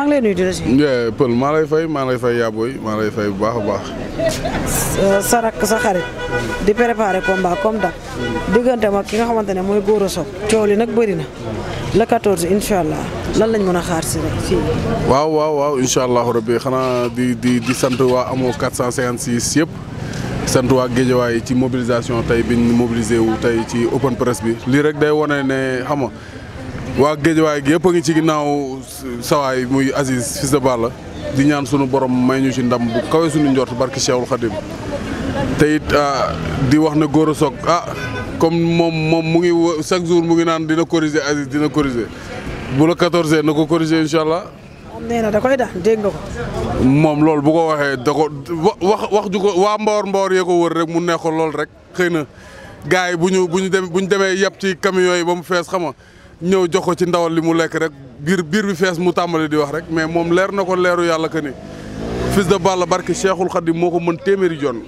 maa ngi lay nuyu di la Pël maa lay fay maa lay fay yaaboy maa lay fay bu baax a baax. sa rakk sa xarit. di préparer combat comme da diggante ma ki nga xamante ne mooy Gora Sock coow li nag bëri na. le 14 incha allah lan lañ mën a xaar si rek waaw waaw waaw incha allahu rabbi xanaa di di di sant waa amoo 456 yëpp. sant waa Géejawaay ci mobilisation tey biñ mobilisé wu tey ci open press bi lii rek day wone ne xam waa géejawaay gi yëpp a ngi ci ginnaaw sawaay muy Aziz Fils de la di ñaan sunu borom may ñu ci ndam bu kawe sunu njort barki Cheikhul Khadim tey it ah, di wax ne Gora Sock ah comme moom moom mu ngi chaque jour mu ngi naan dina corriger Aziz dina corriger bu la 14 na ko corriger incha allah. da koy daan dégg nga moom loolu bu ko waxee da ko wax wax ju ko waa mboor mboor yee ko wër rek mu neexoon lool rek xëy na gars yi bu ñu bu ñu demee bu ñu demee yàpp ci camion yi ba mu fees xam ñëw jox ko ci ndawal li mu lekk rek biir biir bi fees mu tàmbali di wax rek mais moom leer na ko leeru yàlla que ni fils de Balla barke Cheikhul Khadim moo ko mën téeméeri jon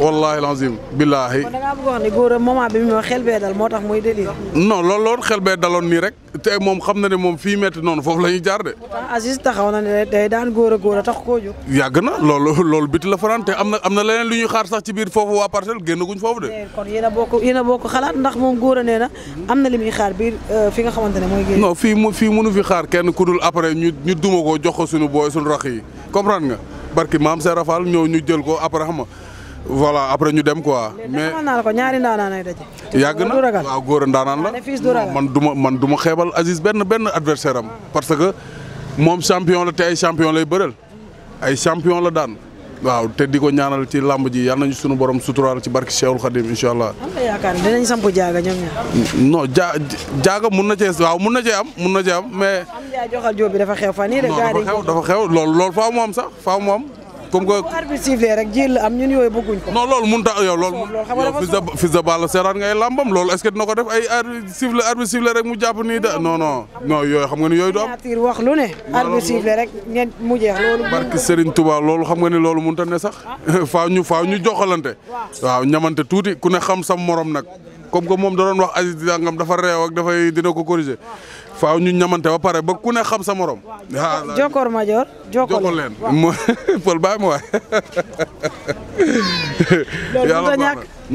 wallaahi lazim billaahi. kon da ngaa bëgg a xel bee dal moo tax muy délire. non lool loolu xel bee daloon nii rek te moom xam na ne moom fii metti noonu foofu la ñuy jaar de. taxaw na ne day daan góor a tax koo jóg. yàgg na loolu loolu biti la farante te na am na leneen lu ñuy xaar sax ci biir foofu waa parcelle génnaguñ foofu de. Eh, kon yéen a bokk yéen ndax moom góor a na am na li muy xaar biir euh, fi nga xamante ne mooy. génn fii mu fii mënu fi xaar kenn ku dul après ñu ñu duma ko jox ko suñu booy suñu rax yi comprendre nga barki maam Serafal ñëw ñu jël ko après xam voilà après ñu dem quoi. mais xamal naa la ñaari ndaanaan ay daje. yàgg na waaw góor a ndaanaan la ah, man du ma man du ma xeebal Aziz benn benn adversaire am. Ah. parce que moom champion la te ay champion lay bëreel ay champion la daan. waaw te di ko ñaanal ci làmb ji yal nañu sunu borom suturaal ci barki Cheikhul Khadim incha allah. am na yaakaar dinañ samp jaaga ñoom jaa jaaga mun na cee waaw mun na cee am mun na am mais. am bi dafa xew fan yii dafa xew dafa xew loolu loolu faaw am sax faaw mu am comme que. bu arbitre sifflé rek jël am ñun yooyu bëgguñ ko. loolu mënut a yow loolu. yow Fils de Fils de Balla seeraan ngay làmbam loolu est-ce ko def ay arbitre sifflé rek mu jàpp nii de non non. non yooyu xam nga ni yooyu du am. wax lu ne. arbitre sifflé rek ngeen mu jeex loolu. barke xam nga ni loolu mënut ta ne sax. Ah. faaw ñu faaw ñu joxalante. waaw ñamante tuuti ku ne xam sam moroom nag. comme que moom da doon wax Aziz Dangam dafa réew ak dafay dina ko corriger faaw ñu ñamante ba pare ba ku ne xam sa morom. waaw ah, jokkoor majoor jokkoo leen waaw Paul bàyyi ma waay. yàlla baax na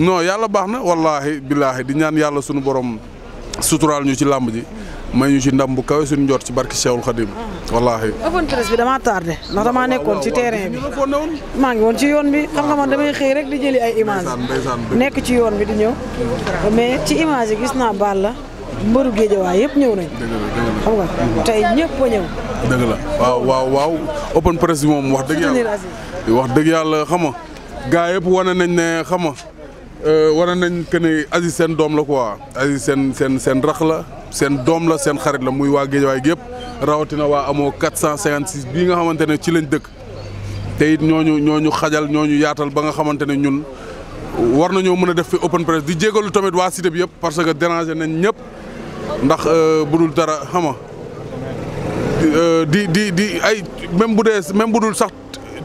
non yàlla baax na wallaahi billaahi di ñaan yàlla sunu borom suturaal ñu ci làmb ji. may ñu ci ndam bu kawe suñu njort ci barki Cheikhul Khadim. wallaahi. open press bi damaa tardé ndax damaa nekkoon ci terrain bi maa ngi woon ci yoon bi xam nga man damay xëy rek di jëli ay images. nekk ci yoon bi di ñëw mais ci image yi gis naa la mbëru géejawaay yëpp ñëw nañ xam nga dëgg la waaw waaw waaw open press moom wax dëgg yàlla wax dëgg yàlla xam nga gaa yëpp wane nañ ne xam nga euh, wane nañ que ne Aziz seen doom la quoi Aziz seen seen seen rax la seen doom la seen xarit la muy waa géejawaay gi yëpp rawatina waa amoo 456 bii nga xamante ne ci lañ dëkk te it ñooñu ñooñu xajal ñooñu yaatal ba nga xamante ne ñun war nañoo mën a def fi open press di jégalu tamit waa cité bi yëpp parce que déranger nañ ñëpp ndax euh, bu dul dara xama euh, di di di ay même bu dee même bu dul sax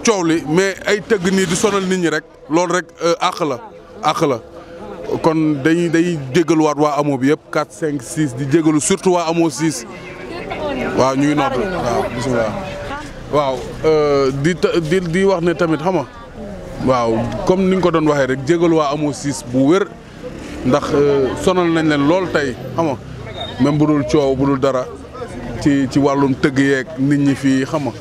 coow li mais ay tëgg nii di sonal nit ñi rek loolu rek euh, àq la àq la kon dañuy day jégalu waat waa amoo bi yëpp 4 5 6 di jégalu surtout waa amoo 6 waaw ñu ngi nodd waaw bisimilah waaw di di di wax ne tamit xama waaw comme ni nga ko doon waxee rek jégalu waa amoo 6 bu wér ndax sonal nañ leen lool tey xama même bu dul coow bu dul dara ci ci wàllum tëgg yeeg nit ñi fi xam nga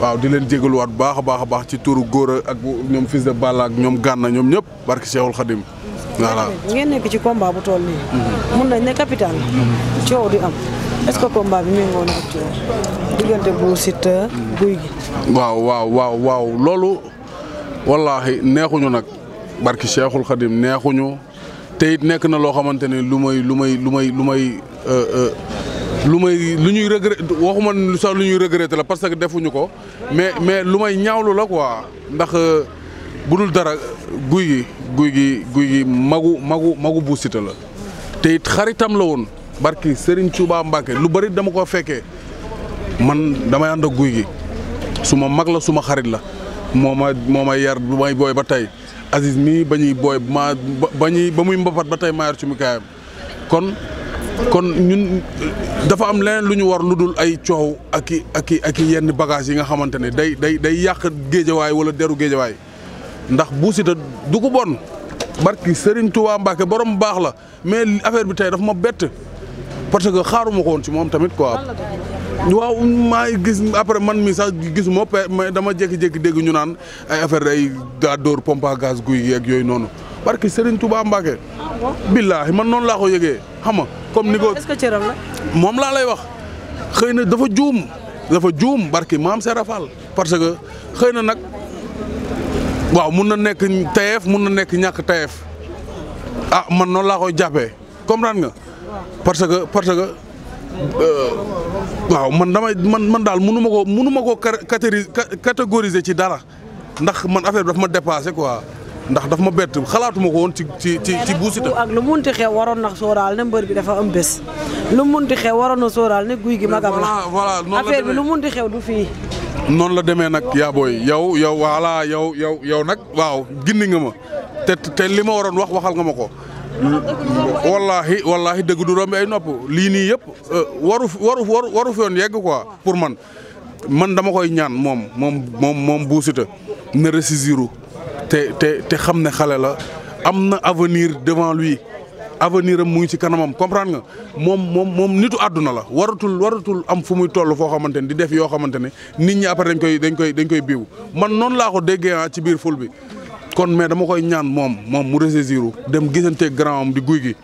waaw di leen jégaluwaat bu baax a baax a baax ci tuuru góor ak ñoom fils de Balla ak ñoom Gana ñoom ñëpp barki Cheikhul Khadim voilà ngeen nekk ci combat bu toll waaw waaw waaw loolu wallaahi neexuñu nag barki Cheikhul Khadim neexuñu. te nekk na loo xamante ne lu may lu may lu may lu may euh, euh, lu may lu ñuy regret waxuma sax lu ñuy regretter la parce que defuñu ko mais mais lu may ñaawlu la quoi ndax euh, bu dul dara guy gi guy gi guy gi magu magu magu Bou la te it xaritam la woon barki Serigne Touba Mbacke lu bari dama ko fekkee man damay ànd ak guy gi su ma mag la suma xarit la moo ma moo ma yar lu may booy ba tey Aziz mi ba ñuy booy ma ba ñuy ba muy mbapat ba tey maayor ci mu kaayam kon kon ñun dafa am leneen lu ñu war lu dul ay coow ak i ak i ak i yenn bagage yi nga xamante ne day day day yàq géejawaay wala deru géejawaay ndax Bou Siteu du ko bon barki Serigne Touba Mbacke borom baax la mais affaire bi tey daf ma bett parce que xaaruma ko woon ci moom tamit quoi. waaw maa gis après man mi sax moo mais dama jékki-jékki dégg ñu naan ay affaire ay daa dóor gaz guy yeeg yooyu noonu barki Serigne Touba Mbacke. billaahi man noonu laa ko yëgee xam nga comme ni ko est-ce la. moom laa lay wax xëy na dafa juum dafa juum barki maam Serafal parce que xëy na nag waaw mun na nekk tayeef mun na nekk ñàkk tayeef ah man noonu laa koy jàppee comprendre nga. parce que. Euh, waaw man damay man man daal mënu ma koo mënu ma koo catégoriser ci dara ndax man affaire bi daf ma dépassé quoi ndax daf ma bett xalaatuma ko woon ci ci ci ci Bou Siteu ak lu munti xew waroon na sóoraal ne mbër bi dafa am bés lu munti xew waroon na sóoraal ne guy gi magam la voilà affaire bi lu munti xew du fii noonu la demee nag yaa booy yow yow voilà yow yow yow nag waaw gindi nga ma te te li ma waroon wax waxal nga ma ko wallahi wallahi dëgg du romb ay nopp lii nii yëpp euh, waru waru waru waru fi woon yegg quoi pour man man dama koy ñaan moom moom moom moom Bou Siteu na ressaisir te te te xam ne xale la am na avenir devant lui avenir am mu ngi ci kanamam comprendre nga moom moom moom nitu àdduna la waratul waratul am fu muy toll foo xamante ni di def yoo xamante ne nit ñi après dañ koy dañ koy dañ koy biiw man noonu laa ko déggee ah, ci biir ful bi. kon mais dama koy ñaan moom moom mu ressaisir dem gisante grand am di guy gi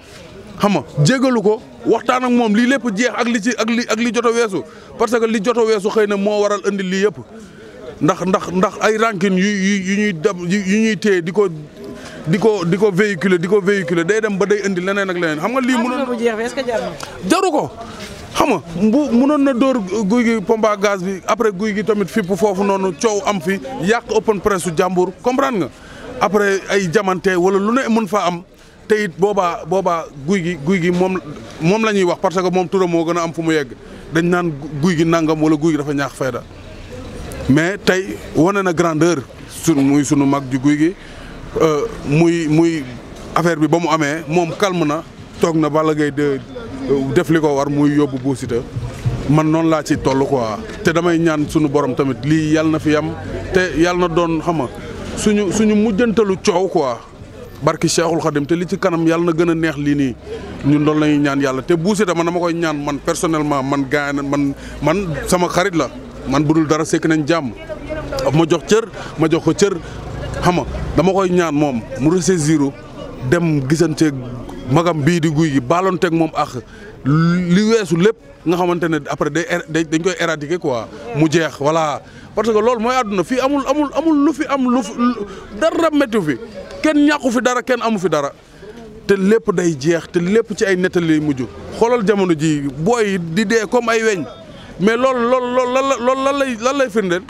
xam nga jégalu ko waxtaan ak moom lii lépp jeex ak li ci ak li ak li jot a weesu parce que li jot a weesu xëy na moo waral indi lii yëpp ndax ndax ndax ay rancune yu yu yu ñuy dab yu ñuy téye di ko di ko di ko véhiculer di ko véhiculer day dem ba day indi leneen ak leneen xam nga lii. mënoon ah, bu jeex jaru ko. xam nga bu mënoon na door guy gi pompa gaz bi après guy gi tamit fipp foofu noonu coow am fi yàq open presse su jàmbur comprendre nga. après ay jamante wala lu ne mën fa am te boobaa boobaa guy gi guy gi moom moom la ñuy wax parce que moom turam moo gën a am fu mu yegg dañ naan guy gi nangam wala guy gi dafa ñaax fayda mais tey wane na grandeur sun muy sunu mag ju guy gi euh, muy muy affaire bi ba mu amee moom calme na toog na Balla Gaye de euh, def li ko war muy yóbbu Bou Siteu man noonu laa ci toll quoi te damay ñaan sunu borom tamit lii yàlla na fi yam te yàlla na doon xama suñu suñu mujjantalu coow quoi barki Cheikhul Khadim te li ci kanam yàlla na gën a neex lii nii ñun doon lañuy ñaan yàlla te Bou Siteu man dama koy ñaan man personnellement man gaa man man sama xarit la man budul dara sekk nañ jàmm ma jox cër ma jox ko cër xam dama koy ñaan moom mu ressaisir dem gisante magam bii di guy gi baalonteeg moom ak li weesu lépp nga xamante ne après er, day dañ koy éradiquer quoi mu jeex voilà parce que loolu mooy àdduna fii amul amul amul lu fi am lu fi dara métti fi kenn ñàqu fi dara kenn amu fi dara te lépp day jeex te lépp ci ay nettali mujj xoolal jamono ji booy di dee comme ay weñ mais loolu loolu loolu lan lan lay lan lay firndeel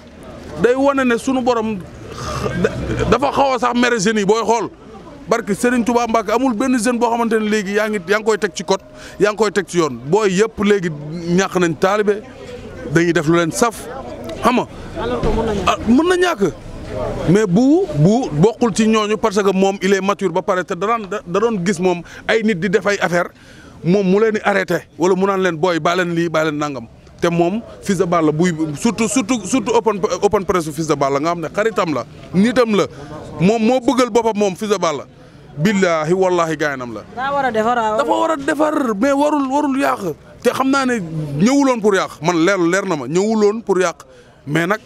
day wane ne sunu borom dafa xaw a sax mere jeunes yi booy xool. barke Serigne Touba Mbacke amul benn jeune boo xamante ne léegi yaa ngi yaa ngi koy teg ci code yaa ngi koy teg ci yoon booy yëpp léegi ñàkk nañ taalibe dañuy def lu leen saf xam nga ah, mën na ñàkk mais bu bu bokkul ci ñooñu parce que moom il est mature ba pare te da da gis moom ay nit di defay ay affaire moom mu leen di arrêté wala mu naan leen booy baa leen lii baa nangam te moom Fils de Balla buy surtout surtout surtout open open presse Fils de Balla nga xam ne xaritam la nitam la moom moo bëggal boppam moom Fils de Balla billaahi wallaahi gaynam la. war a defar dafa war a defar mais warul warul yàq te xam naa ne ñëwuloon pour yàq man leer leer na ma ñëwuloon pour yàq mais nag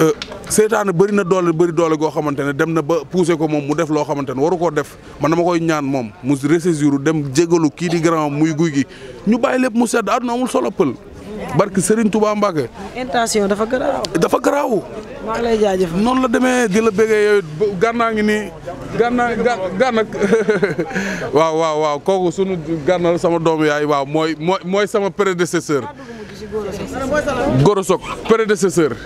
euh, seytaane bëri na doole bari doole goo xamante ne dem na ba poussé ko moom mu def loo xamante ne waru koo def na ma koy ñaan moom mu ressaisir dem jégalu kii di grand muy guy gi ñu bàyyi lépp mu sedd àdduna amul solo pël. barke Serigne Touba Mbacke. intention dafa garaaw. dafa garaaw. noonu la demee di la bëggee yooyu gànnaa ngi nii gànnaa gànna waaw waaw waaw kooku sunu gànnal sama doom yaay waaw mooy mooy mooy sama prédécesseur. Goro Sok prédécesseur.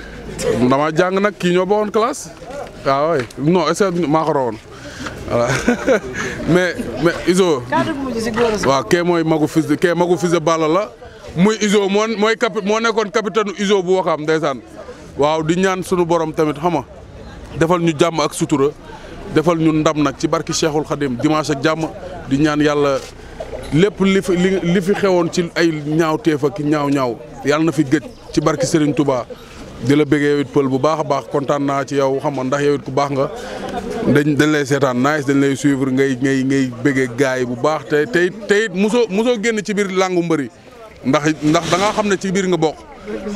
dama jàng nak kii ñoo bokkoon waaw ah, waay non ce que maa ko rawoon mais mais Izo. waaw kee mooy magu fils kee magu fils de la. muy iso moo mooy capi moo nekkoon capitaine iso bu waxaam ndeysaan waaw di ñaan sunu borom tamit xama defal ñu jàmm ak sutura defal ñu ndam nag ci barki Cheikhul Khadim dimanche ak jàmm di ñaan yàlla lépp li fi li fi xewoon ci ay ñaaw teef ak ñaaw ñaaw yàlla na fi gëj ci barki Serigne tubaa di la bëggee yow pël bu baax a baax kontaan naa ci yow xam nga ndax yow it ku baax nga dañ dañ lay seetaan nice dañ lay suivre ngay ngay ngay bëggee gaay bu baax te tey tey it mosoo mosoo génn ci biir làngu mbëri ndax ndax da ngaa xam ne ci biir nga bokk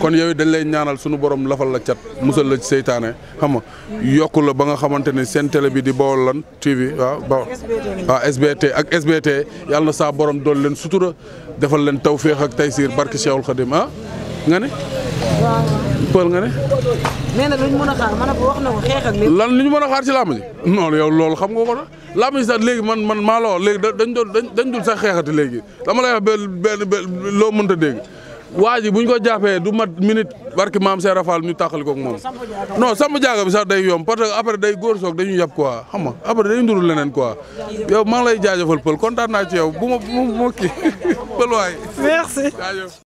kon yooyu dañ lay ñaanal suñu borom lafal la cat musal la ci seytaane xam nga la ba nga xamante ne seen télé bi di Baol lan TV waaw Baol waaw SBT ak SBT yàlla na saa borom dool leen sutura defal leen tawféex ak taysiir barke Cheikhul Khadim ah nga ne. waaw. Pël nga ne. nee na luñ mën a xaar ma ne lan li ñu mën a xaar ci làmb ji non yow loolu xam nga ko la làmb ji sax léegi man man maa la wax léegi dañ doon dañ dul sax xeexat léegi dama lay wax benn be loo mënta dégg. waa ji bu ñu ko jàppee du mat minute barki maam Seex Rafal ñu tàqali koog moom non sàmm jaaga bi sax day yomb parce que après day góor soog dañuy yab quoi xam nga après day ndurul leneen quoi yow maa ngi lay jaajëfal pël kontaan naa ci yow bu ma bu ma kii pël waay